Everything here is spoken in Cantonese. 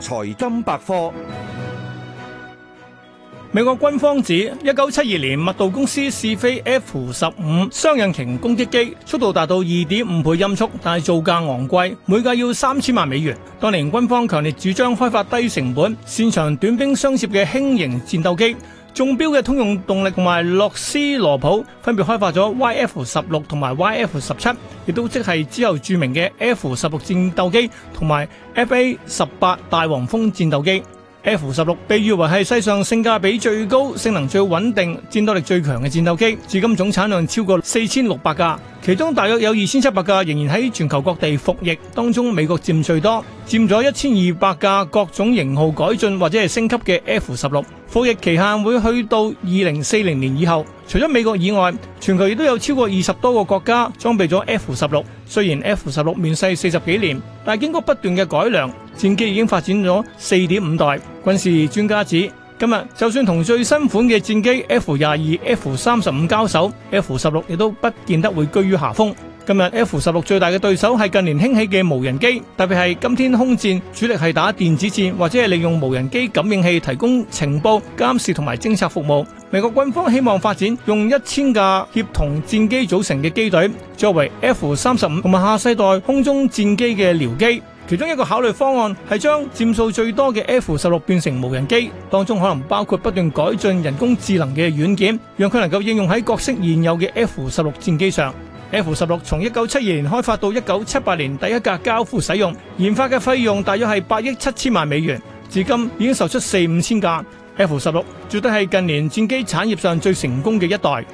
財金百科，美國軍方指，一九七二年麥道公司試飛 F 十五雙引擎攻擊機，速度達到二點五倍音速，但係造價昂貴，每架要三千萬美元。當年軍方強烈主張開發低成本、擅長短兵相接嘅輕型戰鬥機。中標嘅通用動力同埋洛斯羅普分別開發咗 YF 十六同埋 YF 十七，亦都即係之後著名嘅 F 十六戰鬥機同埋 FA 十八大黃蜂戰鬥機。F 十六被譽為係世上性價比最高、性能最穩定、戰鬥力最強嘅戰鬥機。至今總產量超過四千六百架，其中大約有二千七百架仍然喺全球各地服役，當中美國佔最多，佔咗一千二百架各種型號改進或者係升級嘅 F 十六。服役期限會去到二零四零年以後，除咗美國以外，全球亦都有超過二十多個國家裝備咗 F 十六。雖然 F 十六面世四十幾年，但經過不斷嘅改良，戰機已經發展咗四點五代。軍事專家指，今日就算同最新款嘅戰機 F 廿二、F 三十五交手，F 十六亦都不見得會居於下風。今日 F 十六最大嘅對手係近年興起嘅無人機，特別係今天空戰主力係打電子戰或者係利用無人機感應器提供情報監視同埋偵察服務。美國軍方希望發展用一千架協同戰機組成嘅機隊，作為 F 三十五同埋下世代空中戰機嘅僚機。其中一個考慮方案係將佔數最多嘅 F 十六變成無人機，當中可能包括不斷改進人工智能嘅軟件，讓佢能夠應用喺各式現有嘅 F 十六戰機上。F 十六從一九七二年開發到一九七八年第一架交付使用，研發嘅費用大約係八億七千萬美元，至今已經售出四五千架。F 十六絕對係近年戰機產業上最成功嘅一代。